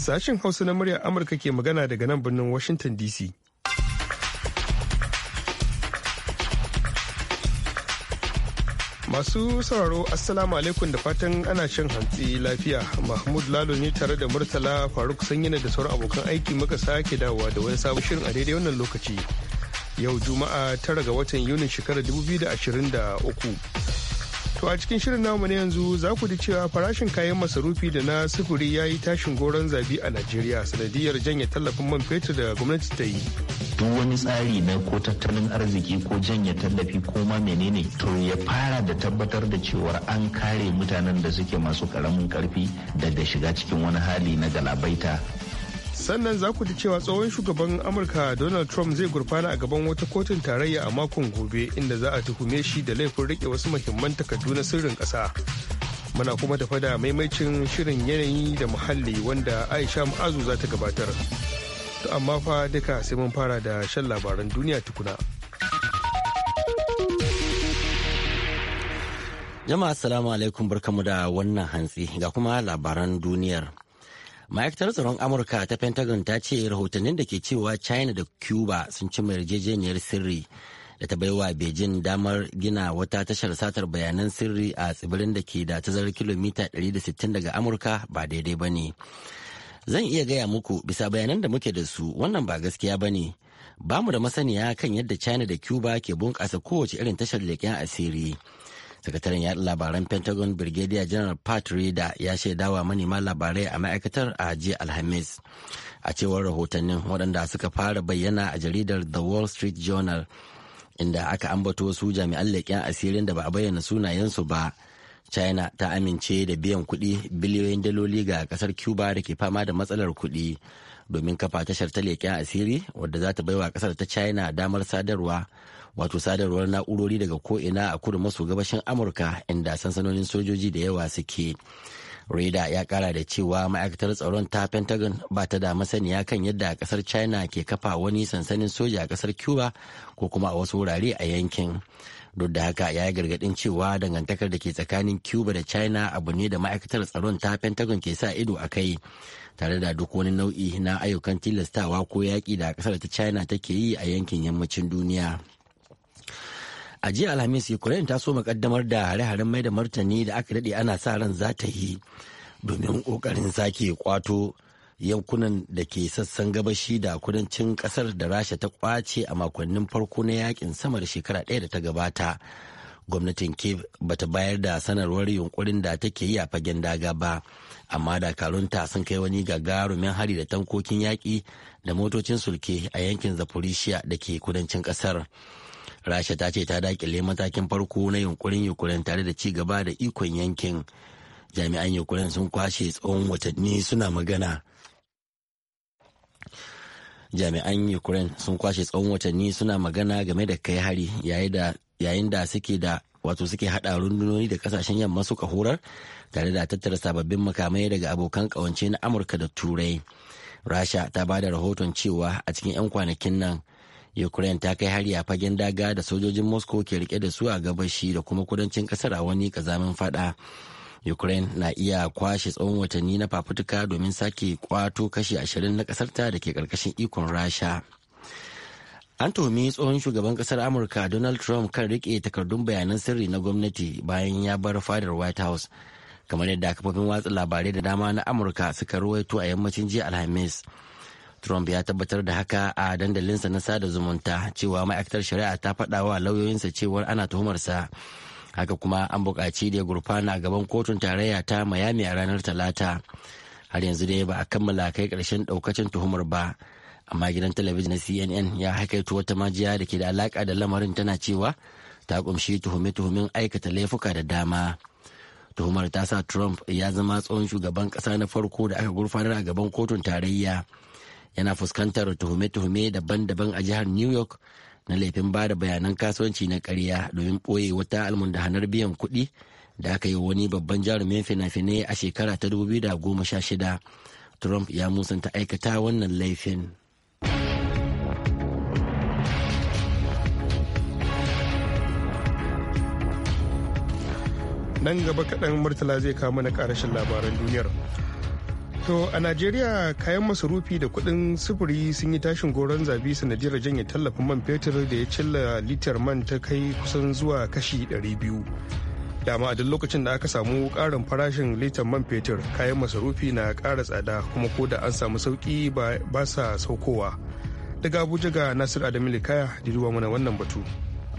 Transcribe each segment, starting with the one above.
Sashen Hausa na murya Amurka ke magana daga nan birnin Washington DC. Masu sauraro Assalamu alaikum da fatan ana shan hantsi lafiya. Mahmud Lalo ne tare da Murtala Faruk Sanyina da sauran abokan aiki muka sake dawowa da wani sabon shirin a daidai wannan lokaci. Yau Juma'a tara ga watan Yunin shekarar 2023. To a cikin shirin namu na yanzu za ku ji cewa farashin kayan masarufi da na sufuri ya yi tashin goron zabi a Najeriya sanadiyar janye tallafin man fetur da gwamnati ta yi. Duk wani tsari na ko tattalin arziki ko janye tallafi ko ma menene to ya fara da tabbatar da cewar an kare mutanen da suke masu karamin karfi daga shiga cikin wani hali na galabaita sannan za ku ji cewa tsohon shugaban amurka donald trump zai gurfana a gaban wata kotun tarayya a makon gobe inda za a tuhume shi da laifin rike wasu muhimman takardu na sirrin ƙasa muna kuma tafa da maimacin shirin yanayi da muhalli wanda aisha ma'azu za ta gabatar to amma fa duka sai mun fara da shan labaran duniya tukuna jama'a assalamu alaikum barkamu da wannan hantsi ga kuma labaran duniyar ma'aikatar tsaron amurka ta pentagon ta ce rahotannin da ke cewa china da cuba sun ci yarjejeniyar sirri da ta baiwa beijing damar gina wata tashar satar bayanan sirri a tsibirin da ke da tazarar kilomita 160 daga amurka ba daidai ba ne zan iya gaya muku bisa bayanan da muke da su wannan ba gaskiya ba ne ba mu da masaniya kan yadda china da cuba ke bunƙasa kowace irin tashar leƙen asiri sakataren yaɗa labaran pentagon brigadier general pat reeder ya shaidawa manema labarai a ma'aikatar a jiya alhamis a cewar rahotannin waɗanda suka fara bayyana a jaridar the wall street journal inda aka ambato su jami'an leƙen asirin da ba a bayyana sunayensu ba china ta amince da biyan kuɗi biliyoyin daloli ga ƙasar cuba da ke fama da matsalar kuɗi domin kafa tashar ta leƙen asiri wadda za ta baiwa ƙasar ta china damar sadarwa wato sadarwar na'urori daga ko'ina a kudu maso gabashin amurka inda sansanonin sojoji da yawa suke reda ya kara da cewa ma'aikatar tsaron ta pentagon ba ta da masaniya kan yadda kasar china ke kafa wani sansanin soja a kasar cuba ko kuma a wasu wurare a yankin duk da haka ya yi gargadin cewa dangantakar da ke tsakanin cuba da china abu ne da ma'aikatar tsaron ta pentagon ke sa ido a kai tare da duk wani nau'i na ayyukan tilastawa ko yaƙi da kasar ta china take yi a yankin yammacin duniya. a jiya alhamis ukraine ta so makaddamar da hare-haren mai da martani da aka daɗe ana sa ran za ta yi domin ƙoƙarin sake kwato yankunan da ke sassan gabashi da kudancin ƙasar da rasha ta kwace a makonnin farko na yakin sama da shekara ɗaya da ta gabata gwamnatin kiev bata bayar da sanarwar yunkurin da take yi a fagen daga ba amma dakarunta sun kai wani gagarumin hari da tankokin yaƙi da motocin sulke a yankin zaporishiya da ke kudancin ƙasar. rasha ta ce ta dakile matakin farko na yunkurin yukurin tare da ci gaba da ikon yankin jami'an yukurin sun kwashe tsawon watanni suna magana jami'an ukraine sun kwashe tsawon watanni suna magana game da kai hari yayin da suke da wato suke hada rundunoni da kasashen yamma suka horar tare da tattara sababbin makamai daga abokan kawance na amurka da turai rasha ta ba da rahoton cewa a cikin 'yan kwanakin nan ukraine ta kai hari a fagen daga da sojojin moscow ke rike da su a gabashi da kuma kudancin kasar a wani kazamin fada ukraine na iya kwashe tsawon watanni na fafutuka domin sake kwato kashi ashirin na kasarta da ke karkashin ikon rasha an tuhumi tsohon shugaban kasar amurka donald trump kan rike takardun bayanan sirri na gwamnati bayan ya bar fadar white house kamar yadda kafofin watsa labarai da dama na amurka suka ruwaito a yammacin jiya alhamis Trump ya tabbatar da haka a dandalinsa na sada zumunta cewa ma'aikatar shari'a ta faɗa wa lauyoyinsa cewa ana tuhumarsa. Haka kuma an buƙaci da gurfana a gaban kotun tarayya ta Miami a ranar Talata. Har yanzu dai ba a kammala kai ƙarshen ɗaukacin tuhumar ba. Amma gidan talabijin na CNN ya haikaito wata majiya da ke da alaƙa da lamarin tana cewa ta ƙumshi tuhume tuhumin aikata laifuka da dama. Tuhumar ta sa Trump ya zama tsohon shugaban ƙasa na farko da aka gurfanar a gaban kotun tarayya. yana fuskantar tuhume-tuhume daban-daban a jihar new york na laifin ba da bayanan kasuwanci na karya domin ɓoye wata almundahanar biyan kuɗi da aka yi wani babban jarumin fina-finai a shekara ta 2016 trump ya musanta aikata wannan laifin. nan gaba kaɗan murtala zai kawo mana ƙarashin labaran duniyar To a Najeriya kayan masarufi da kuɗin sufuri sun yi tashin goron zabi sanadiyar janye tallafin man fetur da ya cilla litar man ta kai kusan zuwa kashi 200. Dama a duk lokacin da aka samu ƙarin farashin litar man fetur kayan masarufi na ƙara tsada kuma ko da an samu sauƙi ba sa saukowa. Daga Abuja ga Nasir Adamu Likaya, diriwa mana wannan batu.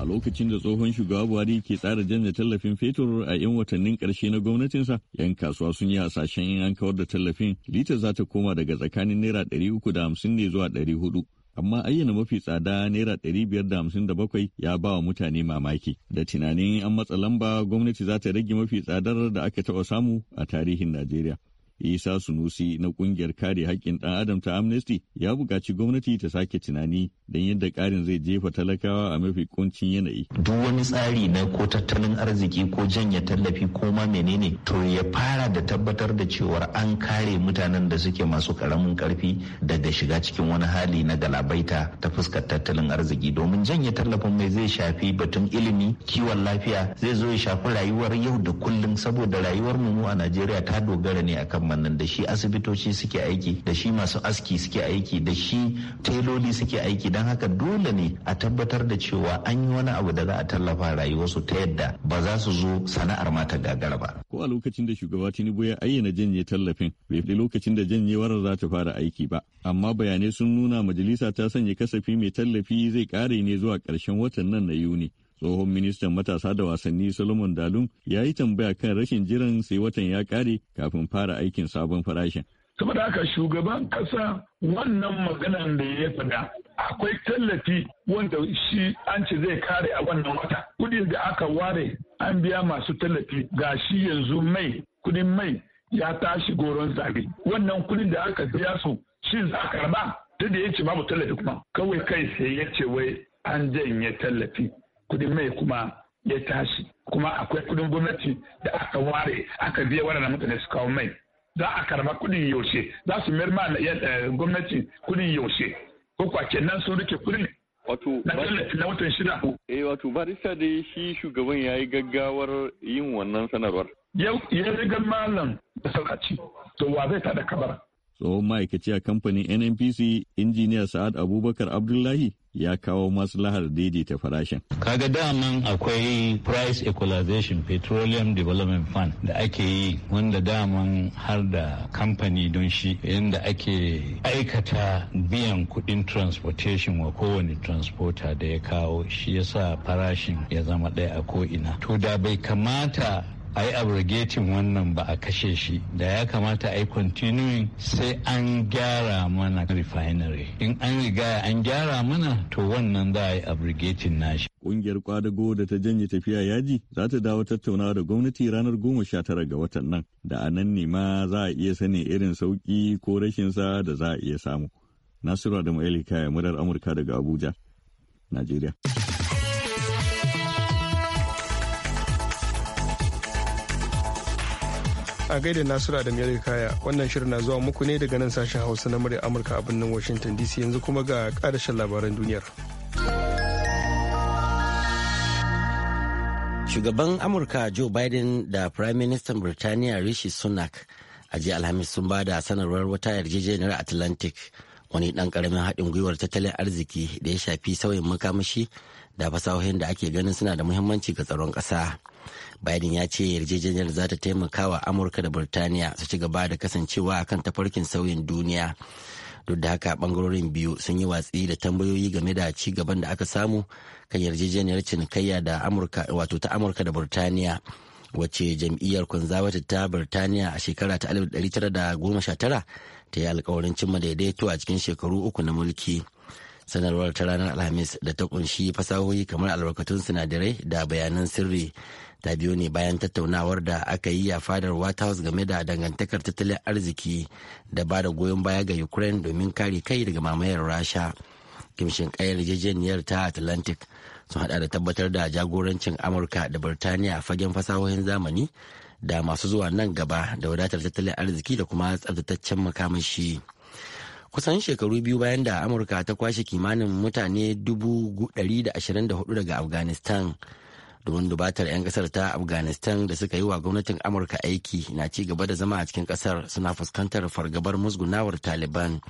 a lokacin da tsohon shugaba buhari ke tsara janye tallafin fetur a 'yan watannin karshe na gwamnatinsa yan kasuwa sun yi hasashen in an kawar da tallafin litar za ta koma daga tsakanin naira ɗari uku da hamsin ne zuwa ɗari hudu amma ayyana mafi tsada naira ɗari biyar da hamsin da bakwai ya ba wa mutane mamaki da tunanin an matsa lamba gwamnati za ta rage mafi tsadar da aka taɓa samu a tarihin najeriya Isa Sunusi na kungiyar kare haƙƙin ɗan Adam ta Amnesty ya buƙaci gwamnati ta sake tunani don yadda ƙarin zai jefa talakawa a mafi kuncin yanayi. Duk wani tsari na ko tattalin arziki ko janya tallafi ko ma menene to ya fara da tabbatar da cewa an kare mutanen da suke masu ƙaramin ƙarfi daga shiga cikin wani hali na galabaita ta fuskar tattalin arziki domin janya tallafin mai zai shafi batun ilimi kiwon lafiya zai zo ya shafi rayuwar yau da kullum saboda rayuwar mu a Najeriya ta dogara ne akan malaman nan da shi asibitoci suke aiki da shi masu aski suke aiki da shi teloli suke aiki don haka dole ne a tabbatar da cewa an yi wani abu da za a tallafa rayuwarsu ta yadda ba za su zo sana'ar mata ta gagara ba. Ko a lokacin da shugaba Tinubu ya ayyana janye tallafin bai fi lokacin da janyewar za ta fara aiki ba amma bayanai sun nuna majalisa ta sanya kasafi mai tallafi zai kare ne zuwa ƙarshen watan nan na Yuni. tsohon ministan matasa da wasanni solomon dalun ya yi tambaya kan rashin jiran sai watan ya kare kafin fara aikin sabon farashin saboda haka shugaban kasa wannan maganan da ya faɗa akwai tallafi wanda shi an ce zai kare a wannan wata kudin da aka ware an biya masu tallafi ga shi yanzu mai kudin mai ya tashi goron zabe wannan kudin da aka biya su shin za a karba ta da ya ce babu tallafi kuma kawai kai sai ya ce wai an janye tallafi kudin mai kuma ya tashi kuma akwai kudin gwamnati da aka ware aka biya wadanda mutane su kawo mai za a karama kudin yaushe za su mayar ma eh, gwamnati kudin yaushe ko kwa kenan sun rike kudin wato na watan shida eh wato barista dai shi shugaban ya yi gaggawar yin wannan sanarwar yau ya rigar malam da sauƙaci to wa zai tada kabara tsohon ma'aikaci a kamfanin nnpc injiniya sa'ad abubakar abdullahi ya kawo masu lahar daidaita farashin. ka Kaga daman akwai price equalization petroleum development fund da ake yi wanda daman har da kamfani don shi inda ake aikata biyan kudin transportation wa kowane transporter da ya kawo shi yasa farashin ya zama ɗaya a ko'ina. To da bai kamata a yi abrogating wannan ba a kashe shi da ya kamata a yi continuing sai an gyara mana refinery in an riga an gyara mana to wannan za a yi abrogating nashi kungiyar kwadago da ta janye tafiya yaji za ta dawo tattaunawa da gwamnati ranar goma sha tara ga watan nan da a nan ne ma za a iya sani irin sauki ko rashin sa da za a iya samu. Nasiru Adamu Eli Kaya, murar Amurka daga Abuja, Najeriya. a gaida nasiru da ya kaya wannan shirin na zuwa muku ne daga nan sashen hausa na murya amurka a birnin washington dc yanzu kuma ga karashen labaran duniyar shugaban amurka joe biden da prime minister birtaniya rishi sunak a jiya alhamis sun ba da sanarwar wata yarjejeniyar atlantic wani dan karamin haɗin gwiwar tattalin arziki da ya shafi sauyin makamashi da fasahohin da ake ganin suna da muhimmanci ga tsaron ƙasa biden ya ce yarjejeniyar za ta taimaka wa amurka da burtaniya su ci gaba da kasancewa kan tafarkin sauyin duniya duk da haka bangarorin biyu sun yi watsi da tambayoyi game da ci gaban da aka samu kan yarjejeniyar cinikayya da amurka wato ta amurka da burtaniya wace jam'iyyar kwanzawata ta burtaniya a shekara ta 1919 ta yi alkawarin cimma daidaito a cikin shekaru uku na mulki sanarwar ta ranar alhamis da ta kunshi fasahohi kamar albarkatun sinadarai da bayanan sirri ta biyu ne bayan tattaunawar da aka yi a fadar white house game da dangantakar tattalin arziki da ba da goyon baya ga ukraine domin kare kai daga mamayar rasha kimshin kayar yarjejeniyar ta atlantic sun hada da tabbatar da jagorancin amurka da birtaniya fagen fasahohin zamani da masu zuwa nan gaba da wadatar tattalin arziki da kuma tsabtataccen makamashi kusan shekaru biyu bayan da amurka ta kwashe kimanin mutane 124 daga afghanistan domin dubatar 'yan kasar ta afghanistan da suka yi wa gwamnatin amurka aiki na ci gaba da zama a cikin kasar suna fuskantar fargabar musgunawar taliban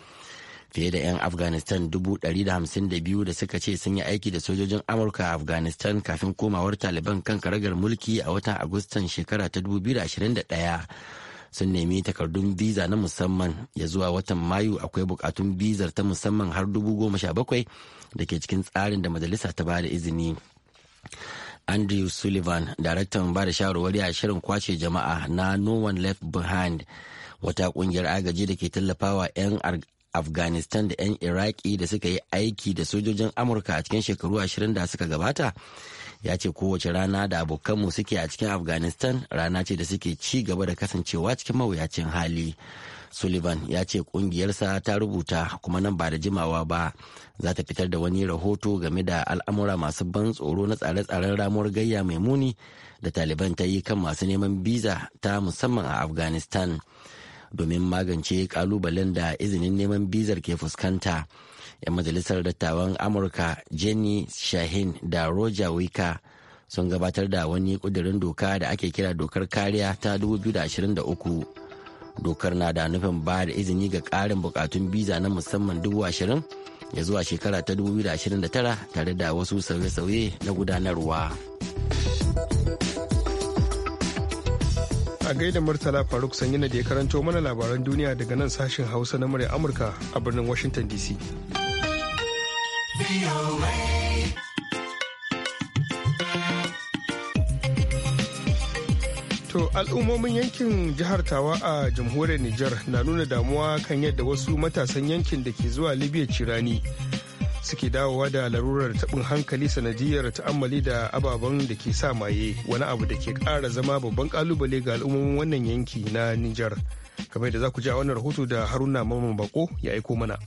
fiye da 'yan afghanistan 152 da suka ce sun yi aiki da sojojin amurka a afghanistan kafin komawar taliban kan karagar mulki a watan agustan shekara ta 2021 sun nemi takardun biza na musamman ya zuwa watan mayu akwai bukatun bizar ta musamman har 17,000 da ke cikin tsarin da majalisa ta ba da izini andrew sullivan daraktan ba da shawarwari a shirin kwace jama'a na no one left behind wata kungiyar agaji da ke tallafawa 'yan afghanistan da 'yan iraki da suka yi aiki da sojojin amurka a cikin shekaru ashirin da suka gabata ya ce kowace rana da abokanmu suke a cikin afghanistan rana ce da suke ci gaba da kasancewa cikin mawuyacin hali sullivan ya ce kungiyarsa ta rubuta kuma nan ba da jimawa ba za ta fitar da wani rahoto game da al'amura masu ban tsoro na tsare-tsaren ramuwar gayya mai muni da taliban ta yi kan masu neman biza ta musamman a afghanistan domin magance kalubalen da izinin neman bizar ke fuskanta 'yan majalisar dattawan amurka jenny shahin da roger wika sun gabatar da wani kudirin doka da ake kira dokar kariya ta 2023 dokar na da nufin ba da izini ga karin bukatun biza na musamman dubu ashirin ya zuwa shekara ta 2029 tare da wasu sauye-sauye na gudanarwa. a gaida murtala faruk sanyi da ya karanto mana labaran duniya daga nan sashen hausa na murya amurka a birnin washington dc. To al'ummomin yankin jihar Tawa a jamhuriyar Nijar na nuna damuwa kan yadda wasu matasan yankin da ke zuwa Libya cirani suke dawowa da larurar taɓin hankali sanadiyar ta'ammali da ababen da ke sa maye wani abu da ke ƙara zama babban ƙalubale ga al'ummomin wannan yanki na Nijar. Kamar da za ku ji a wannan rahoto da Haruna Mamman Bako ya aiko mana.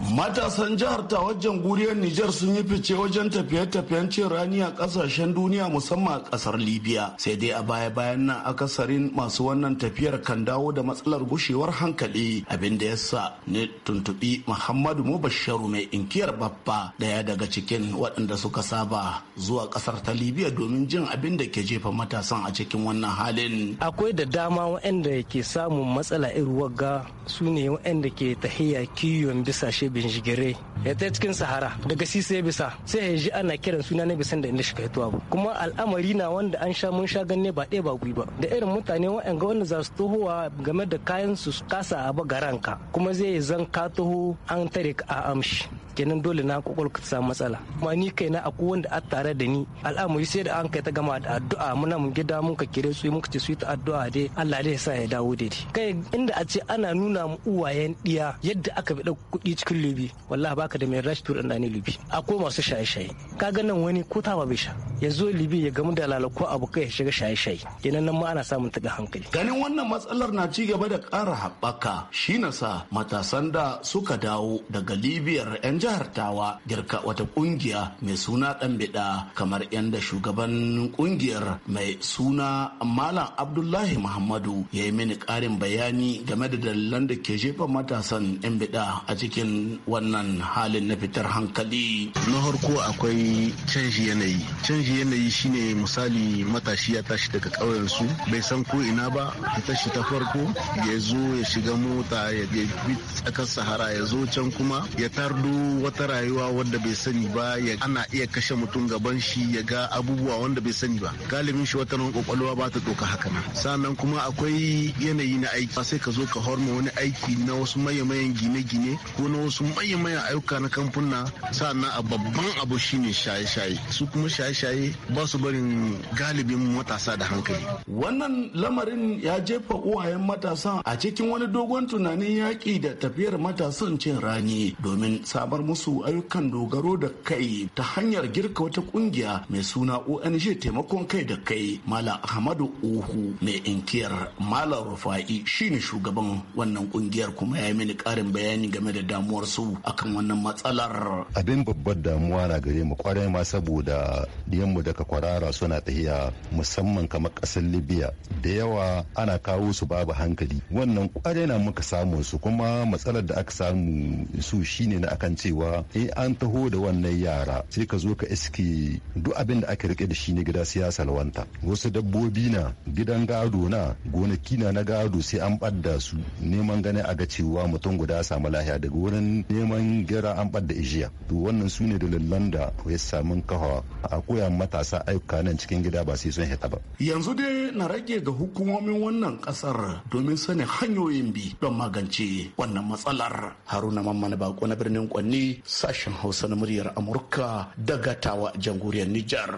Matasan jihar ta wajen guriyar Nijar sun yi fice wajen tafiye-tafiyen cin rani a kasashen duniya musamman a kasar Libya. Sai dai a baya-bayan nan akasarin masu wannan tafiyar kan dawo da matsalar gushewar hankali abin da ya sa ne tuntubi Muhammadu Mubasharu mai inkiyar babba daya daga cikin waɗanda suka saba zuwa kasar ta Libya domin jin abin da ke jefa matasan a cikin wannan halin. Akwai da dama waɗanda ke samun matsala irin wagga su ne waɗanda ke tahiya kiwon bisa shi binjigire ya ta cikin sahara daga sisi ya bisa sai ya ji ana kiran suna na bisan da inda shi ba kuma al'amari na wanda an sha mun sha ganne ba ɗaya ba gwi ba da irin mutane waɗanda wanda za su tohowa game da kayan su kasa a ba garanka kuma zai zan ka toho an tare a amshi kenan dole na kokol ka samu matsala kuma ni kai na akwai wanda a tare da ni al'amari sai da an kai ta gama da addu'a muna mun gida mun ka kire su mun ka ce su ta addu'a dai Allah dai ya sa ya dawo daidai kai inda a ce ana nuna mu uwayen diya yadda aka bi da kuɗi cikin lubi wallahi baka da mai rash tur ɗan lubi ko masu shaye-shaye ka ga nan wani ko ta ba bai sha ya zo libi ya gamu da ko abu kai ya shiga shaye-shaye kenan nan ma ana samun taɓa hankali ganin wannan matsalar na ci gaba da ƙara haɓaka shi na sa matasan da suka dawo daga libiyar 'yan jihar tawa girka wata ƙungiya mai suna ɗan biɗa kamar da shugaban ƙungiyar mai suna malam abdullahi muhammadu ya yi mini ƙarin bayani game da dalilan da ke jefa matasan 'yan biɗa a cikin wannan halin na fitar hankali na farko akwai canji yanayi canji yanayi shine misali matashi ya tashi daga ƙauyen su bai san ko ina ba ya tashi ta farko ya zo ya shiga mota ya bi tsakar sahara ya zo can kuma ya tardo wata rayuwa wadda bai sani ba ya ana iya kashe mutum gaban shi ya ga abubuwa wanda bai sani ba galibin shi wata nan kwakwalwa ba ta doka haka nan sannan kuma akwai yanayi na aiki sai ka zo ka horma wani aiki na wasu maye-mayen gine-gine ko na su manya-manyan ayyuka na kamfuna sannan a babban abu shine shaye-shaye su kuma shaye-shaye ba su barin galibin matasa da hankali wannan lamarin ya jefa uwayen matasan a cikin wani dogon tunanin yaƙi da tafiyar matasan cin rani domin sabar musu ayyukan dogaro da kai ta hanyar girka wata ƙungiya mai suna ong taimakon kai da kai mala ahmadu uhu mai inkiyar mala rufa'i shine shugaban wannan ƙungiyar kuma ya yi mini ƙarin bayani game da damuwa a akan wannan matsalar. Abin babbar damuwa na gare mu kwarai ma saboda diyanmu daga kwarara suna tahiya musamman kamar kasar Libya da yawa ana kawo su babu hankali. Wannan kwarai na muka samu su kuma matsalar da aka samu su shine na akan cewa eh an taho da wannan yara sai ka zo ka iske duk abin da aka rike da shi ne gida siyasa lawanta. Wasu dabbobi na gidan gado na gonaki na na gado sai an ɓadda su neman ganin a ga cewa mutum guda samu lahiya daga wurin neman gera an ɓadda ijiya to wannan su ne dalilan da ya samu kafa a koya matasa ayyuka nan cikin gida ba sai sun hita ba yanzu dai na rage ga hukumomin wannan kasar domin sanin hanyoyin bi don magance wannan matsalar haruna mamman bako na birnin kwanni sashen hausa na muryar amurka daga tawa jamhuriyar nijar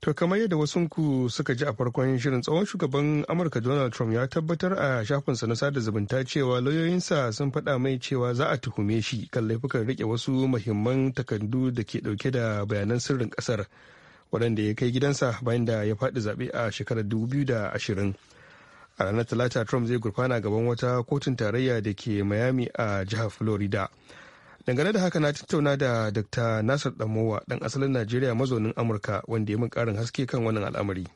To kamar yadda wasunku suka ji a farkon shirin tsawon shugaban Amurka Donald Trump ya tabbatar a shafinsa na sada zumunta cewa lauyoyinsa sun faɗa mai cewa za a tuhume shi kan laifukan rike wasu mahimman takardu da ke ɗauke da bayanan sirrin ƙasar waɗanda ya kai gidansa bayan da ya faɗi zaɓe a shekarar 2020. A ranar Talata Trump zai gurfana gaban wata kotun tarayya da ke Miami a jihar Florida. dangane da haka na tattauna da dr nasir damowa dan asalin najeriya mazaunin amurka wanda ya min karin haske kan wannan al'amari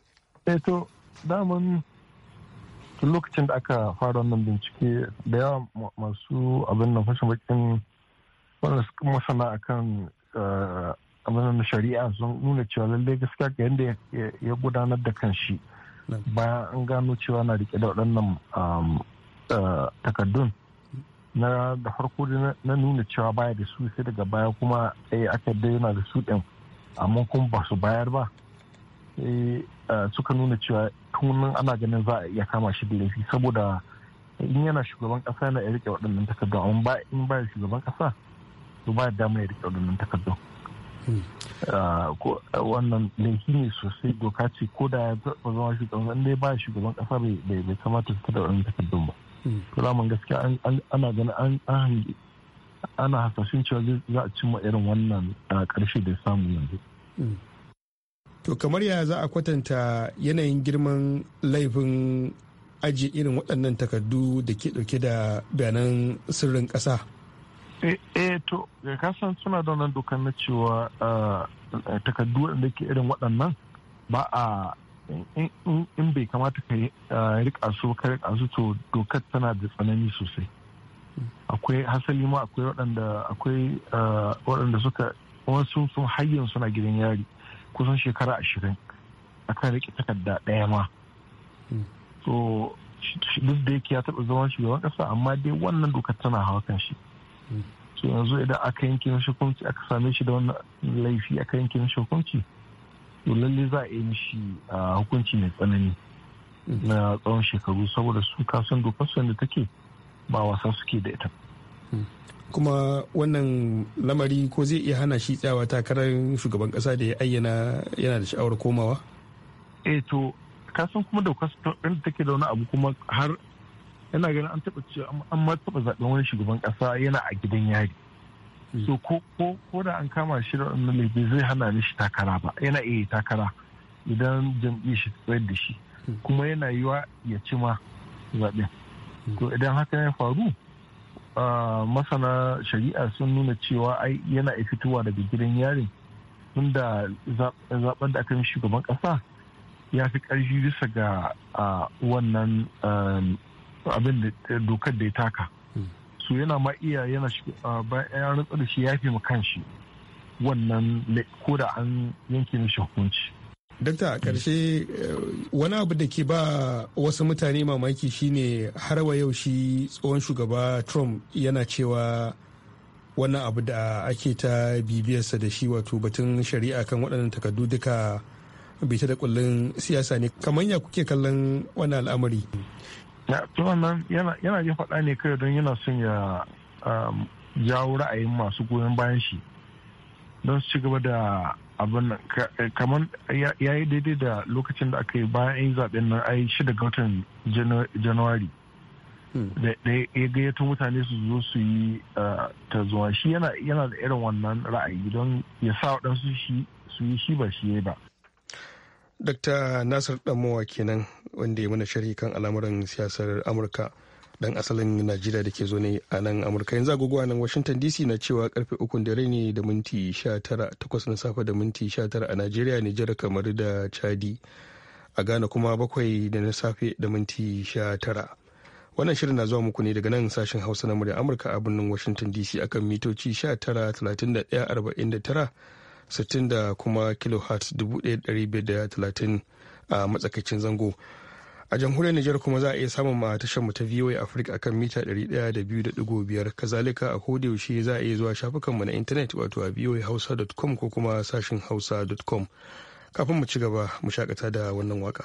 eh, to daman tun lokacin da aka fara wannan bincike da yawa masu abin nan fashin bakin wanda masana akan eh, abin shari'a sun nuna cewa lallai gaskiya ga yadda ya gudanar da kan shi bayan an gano cewa na rike da waɗannan eh, takardun na da farko na nuna cewa baya da su sai daga baya kuma sai eh, aka daina da su ɗin amma kuma ba su bayar ba sai eh, suka nuna cewa tunan ana ganin za a iya kama shi da laifi saboda in yana shugaban kasa yana rike waɗannan takardu amma ba in ba shugaban kasa to ba ya dama ya rike waɗannan takardu hmm. ah, wannan laifi ne sosai doka ce ko da ya zama shugaban shugaban kasa bai kamata su da waɗannan takardun ba kalaman gaskiya ana ganin an ana hasashen cewa za a cimma irin wannan karshe da samu yanzu. To kamar ya za a kwatanta yanayin girman laifin ajiye irin waɗannan takardu da ke ɗauke da bayanan sirrin ƙasa? Eh, eh to kasan suna da wannan dokar na cewa ah, takardu da ke irin waɗannan ba a in bai kamata ka rika su ka rika su to dokar tana da tsanani sosai akwai hasali ma akwai waɗanda akwai waɗanda suka wasu sun hayyan suna gidan yari kusan shekara ashirin akan rike takarda ɗaya ma so duk da yake ya taɓa zaman shugaban ƙasa amma dai wannan dokar tana hawa kan shi so yanzu idan aka yanke mishi hukunci aka same shi da wannan laifi aka yanke mishi hukunci to lalle za a yi mishi hukunci mai tsanani na tsawon shekaru saboda su kasan dokar da take ba wasa suke da ita kuma wannan lamari ko zai iya hana shi tsayawa takarar shugaban kasa da ya ayyana yana da sha'awar komawa eh to kasan kuma dokar da take da wani abu kuma har yana ganin an taɓa cewa an ma taɓa zaɓen wani shugaban ƙasa yana a gidan yari so ko ko da an kama shi da wannan laifi zai hana ni shi takara ba yana iya takara idan jam'i shi tsaye da shi kuma yana yiwa ya ci ma zaɓen to idan haka ya faru masana shari'a sun nuna cewa ai yana fitowa daga gidan yarin tunda zaben da aka yi shugaban ƙasa ya fi ƙarfi bisa ga wannan um, abin da dokar da ya taka so yana ma iya yana bayan rantsar da shi ya fi kanshi wannan ko da an yanke mishi hukunci. Dokta a ƙarshe eh, wani abu da ke ba wasu mutane mamaki shine har wa yau shi tsohon shugaba Trump yana cewa wannan abu da ake ta bibiyarsa da shi wato batun shari'a kan waɗannan takardu duka bita da kullun siyasa ne kamar ya kuke kallon wani al'amari to wannan yana ya faɗa ne kai don yana son ya um, jawo ra'ayin masu goyon bayan shi don su ci gaba da abin eh, kamar ya yi daidai da lokacin da aka yi bayan yin zaɓen nan ai shida ga watan januwari hmm. da ya gayyato mutane su zo su yi uh, ta zuwa shi yana da irin wannan ra'ayi don ya sa waɗansu su yi shi ba shi ya ba Dr. Nasir Damowa kenan wanda ya mana sharhi kan al'amuran siyasar Amurka dan asalin Najeriya da ke zo ne a nan Amurka. Yanzu agogo nan Washington DC na cewa karfe da rai ne da minti 19 takwas na safe da minti 19 a Najeriya, Nijar kamar da Chadi. A Ghana kuma bakwai da na safe da minti 19. Wannan shirin na zuwa muku ne daga nan sashen Hausa na murya Amurka a birnin Washington DC akan mitoci 19 31 49 60 da kuma kilohertz 1530 a matsakaicin zango a jamhuriyar niger kuma za a iya samun ma tashar ta VOA Africa kan mita 102.5 kazalika a yaushe za a iya zuwa shafukanmu na intanet wato a voahausa.com ko kuma sashin hausa.com kafin mu ci gaba mu shakata da wannan waka.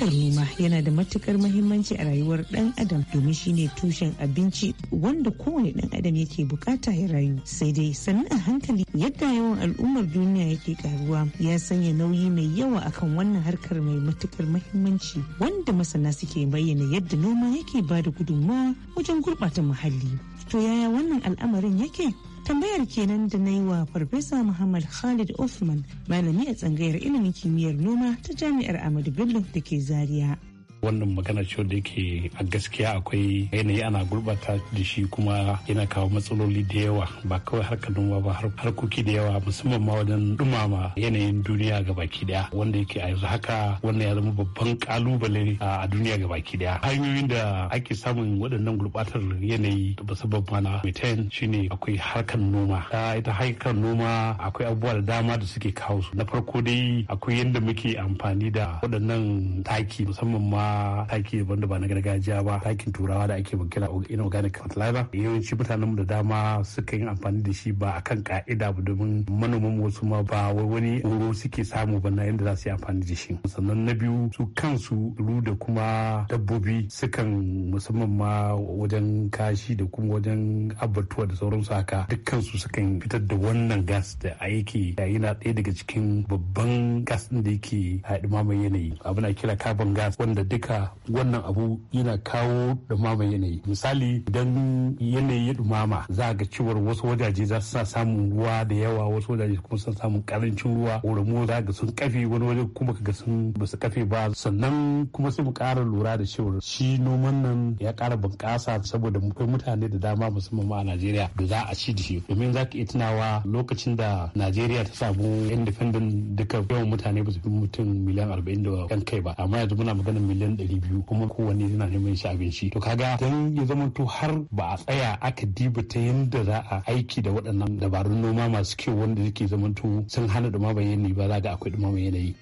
harkar noma yana da matukar mahimmanci a rayuwar dan adam domin shine tushen abinci wanda kowane dan adam yake bukata ya rayu sai dai sannan a hankali yadda yawan al'ummar duniya yake karuwa ya sanya nauyi mai yawa akan wannan harkar mai matukar mahimmanci wanda masana suke bayyana yadda noma yake bada da gudunmawa wajen gurɓata muhalli to yaya wannan al'amarin yake Tambayar kenan da na yi wa Farfesa Muhammad Khalid Othman malami a tsangayar ilimin kimiyyar noma ta Jami'ar Ahmadu Bello da ke Zaria. wannan magana cewa da yake a gaskiya akwai yanayi ana gurbata da shi kuma yana kawo matsaloli da yawa ba kawai harkar noma ba harkoki da yawa musamman ma wajen dumama yanayin duniya ga baki daya wanda yake a yanzu haka wannan ya zama babban kalubale a duniya ga baki daya hanyoyin da ake samun waɗannan gurbatar yanayi da sabab mana methane shine akwai harkar noma ta ita harkar noma akwai abubuwa da dama da suke kawo su na farko dai akwai yadda muke amfani da waɗannan taki musamman ma taki daban da ba na gargajiya ba takin turawa da ake in inorganic fertilizer yawanci mutanen mu da dama suka yi amfani da shi ba akan ka'ida ba domin manoman wasu ma ba wani horo suke samu ba na yadda za su yi amfani da shi sannan na biyu su kansu ru da kuma dabbobi sukan musamman ma wajen kashi da kuma wajen abbatuwa da sauransu haka dukkansu sukan fitar da wannan gas da aiki yana ɗaya daga cikin babban gas ɗin da yake haɗu mamaye yanayi abin kira carbon gas wanda duk ka wannan abu yana kawo dumama yanayi misali idan yanayi ya dumama za ga cewar wasu wajaje za su samun ruwa da yawa wasu wajaje kuma sun samun karancin ruwa oromo za ga sun kafe wani waje kuma ga sun ba su kafe ba sannan kuma sai mu ƙara lura da cewar shi noman nan ya ƙara bunƙasa saboda mu kai mutane da dama musamman ma a Najeriya da za a ci da shi domin za ka iya tunawa lokacin da Najeriya ta samu independent duka yawan mutane ba su fi mutum miliyan arba'in da kan kai ba amma yanzu muna maganar miliyan miliyan ɗari biyu kuma kowanne yana neman shi shi to kaga dan ya zamanto har ba a tsaya aka diba ta yadda za a aiki da waɗannan dabarun noma masu kyau wanda suke zamanto sun hana ɗumama yanayi ba za ga akwai ɗumama yanayi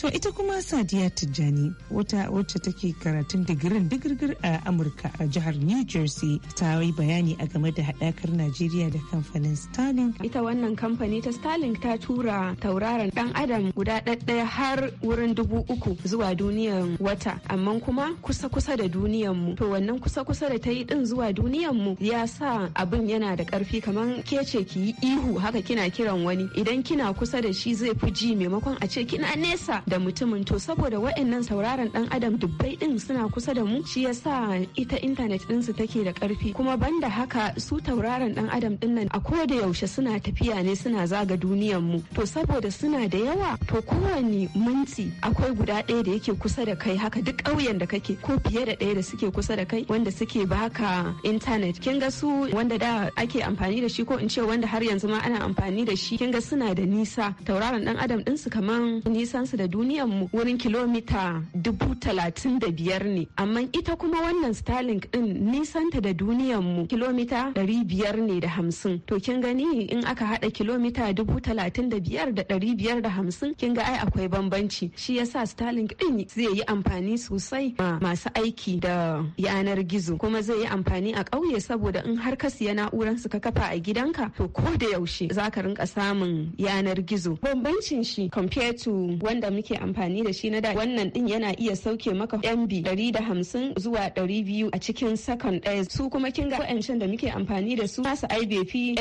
To ita kuma Sadiya Tijjani wata wacce take karatun digirin digirgir a Amurka a jihar New Jersey ta yi bayani a game da haɗakar Najeriya da kamfanin Starlink. Ita wannan kamfani ta Starlink ta tura tauraron ɗan adam guda ɗaɗɗaya har wurin dubu uku zuwa duniyan wata amma kuma kusa kusa da duniyan mu. To wannan kusa kusa da ta yi ɗin zuwa duniyan mu ya sa abin yana da karfi kamar ke ce ki yi ihu haka kina kiran wani idan kina kusa da shi zai fi ji maimakon a ce kina nesa da mutumin to saboda wa'annan sauraron dan adam dubbai din suna kusa da mu shi yasa ita intanet din su take da karfi kuma banda haka su tauraron dan adam din nan a koda yaushe suna tafiya ne suna zaga duniyar mu to saboda suna da yawa to kowane minti akwai guda ɗaya da yake kusa da kai haka duk ƙauyen da kake ko fiye da ɗaya da suke kusa da kai wanda suke baka intanet kin ga su wanda da ake amfani da shi ko in ce wanda har yanzu ma ana amfani da shi kin ga suna da nisa tauraron dan adam din su kaman nisan su da duniya duniyar mu wurin kilomita dubu talatin da biyar ne amma ita kuma wannan starlink din nisanta da duniyar mu kilomita dari biyar ne da hamsin to kin gani in aka haɗa kilomita dubu talatin da biyar da dari biyar da hamsin kin ga ai akwai bambanci shi yasa starlink din zai yi amfani sosai ma masu aiki da yanar gizo kuma zai yi amfani a ƙauye saboda in har ka siya na'urar su ka kafa a gidanka to ko da yaushe za ka rinka samun yanar gizo bambancin shi compared to wanda muke amfani da shi na da wannan din yana iya sauke maka mb 150 zuwa 200 a cikin sakan ɗaya su kuma kin ga wa'ancan da muke amfani da su nasu ai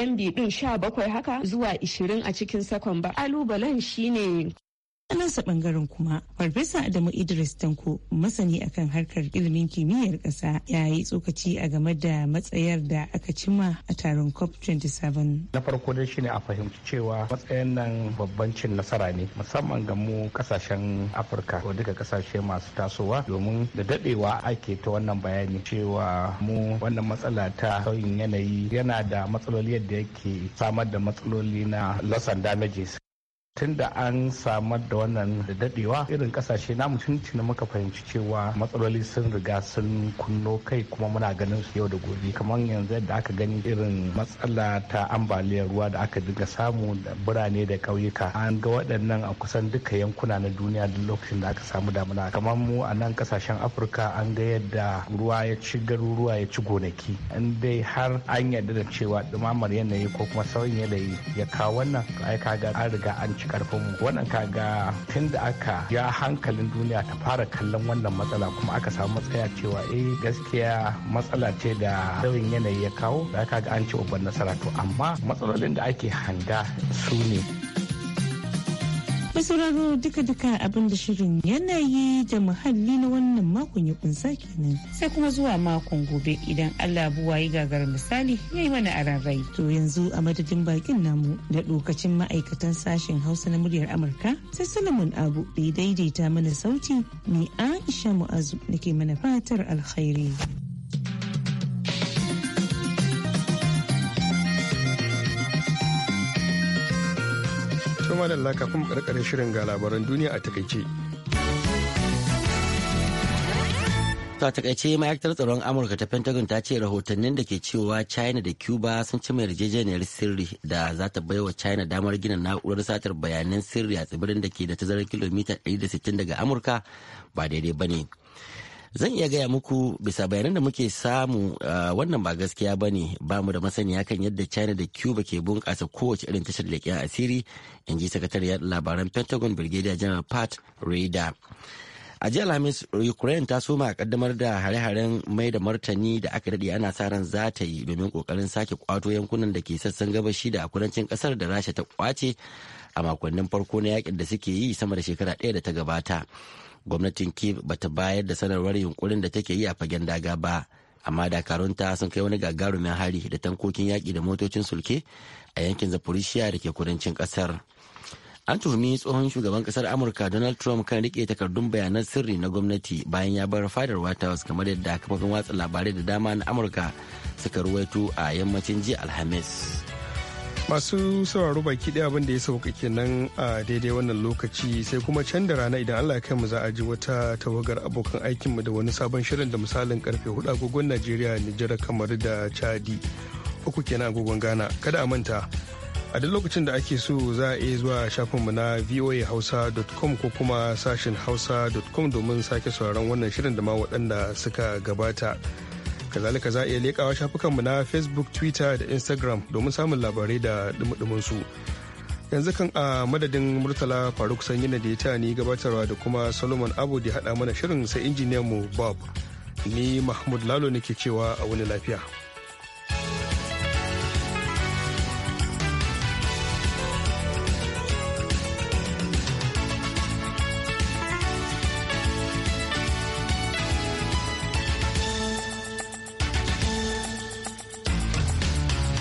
mb din 17 haka zuwa 20 a cikin sakon ba alubalan shine a nasa bangaren kuma farfesa adamu idris tanko masani akan harkar ilimin kimiyyar ƙasa ya yi tsokaci a game da matsayar da aka cima a taron cop 27 na farko dai shine a fahimci cewa matsayin nan babban cin nasara ne musamman ga mu kasashen afirka ko duka kasashe masu tasowa domin da dadewa ake ta wannan bayani cewa mu wannan matsala ta sauyin yanayi yana da matsaloli yadda yake samar da matsaloli na loss and damages tun da an samar da wannan da dadewa irin kasashe namu tuntuni muka fahimci cewa matsaloli sun riga sun kunno kai kuma muna ganin su yau da gobe kamar yanzu da aka gani irin matsala ta ambaliyar ruwa da aka dinga samu da birane da ƙauyuka an ga waɗannan a kusan duka yankuna na duniya duk lokacin da aka samu damuna kamar mu a nan kasashen afirka an ga yadda ruwa ya ci garuruwa ya ci gonaki in dai har an yarda da cewa dumamar yanayi ko kuma sauyin yanayi ya kawo wannan ai kaga an riga an ci karfinmu wannan kaga tun da aka ja hankalin duniya ta fara kallon wannan matsala kuma aka samu matsaya cewa eh gaskiya matsala ce da sauyin yanayi ya kawo da aka ga an ci babban nasara to amma matsalolin da ake hanga su ne sauraro duka-duka abin da shirin yanayi da muhalli na wannan makon ya kunsa kenan sai kuma zuwa makon gobe idan allah buwa yi gagar misali ya yi mana ararai. to yanzu a madadin bakin namu da lokacin ma'aikatan sashen hausa na muryar amurka sai solomon abu da ya daidaita mana sauti ni aisha mu'azu nake mana fatar alkhairi. Tuma da laka kafin karkare shirin ga labaran duniya a takaice. ta takaice ma'aikatar tsaron amurka ta pentagon ta ce rahotannin da ke cewa china da cuba sun ci mai yarjejeniyar sirri da za ta baiwa china damar gina na'urar satar bayanan sirri a tsibirin da ke da tazarar kilomita 160 daga amurka ba daidai ba ne zan iya gaya muku bisa bayanan da muke samu ah, wannan ba gaskiya ba ne ba mu da masaniya kan yadda china da cuba ke bunƙasa kowace irin tashar leƙen asiri in ji yaɗa labaran pentagon brigadier general pat reda a jiya alhamis ukraine ta soma a kaddamar da hare-haren mai da martani da aka daɗe ana sa ran za ta yi domin ƙoƙarin sake kwato yankunan da ke sassan gabashi da kudancin ƙasar da rasha ta kwace a makonnin farko na yakin da suke yi sama da shekara ɗaya da ta gabata gwamnatin kiev ba ta bayar da sanarwar yunkurin da take yi a fagen daga ba amma dakarunta sun kai wani gagarumin hari da tankokin yaƙi da motocin sulke a yankin zaporishiya da ke kudancin ƙasar an tuhumi tsohon shugaban ƙasar amurka donald trump kan rike takardun bayanan sirri na gwamnati bayan ya bar fadar white house kamar yadda kafofin watsa labarai da dama na amurka suka ruwaito a yammacin jiya alhamis masu sauraro baki ɗaya abin ya sauka kenan a daidai wannan lokaci sai kuma can da rana idan allah kai mu za a ji wata tawagar abokan aikinmu da wani sabon shirin da misalin karfe hudu agogon najeriya nijar kamar da chadi uku kenan agogon ghana kada a manta a duk lokacin da ake so za a iya zuwa shafinmu na voahausa.com ko kuma sashin hausa.com domin sake sauraron wannan shirin da ma waɗanda suka gabata. Kazalika za a iya leƙawa shafukanmu na Facebook, Twitter da Instagram domin samun labarai da dumudumin su. Yanzu kan a madadin Murtala Faruk na da ya ta ni gabatarwa da kuma Solomon Abu da haɗa mana shirin sai injiniyanmu Bob. Ni Mahmud Lalo nake cewa a wani lafiya.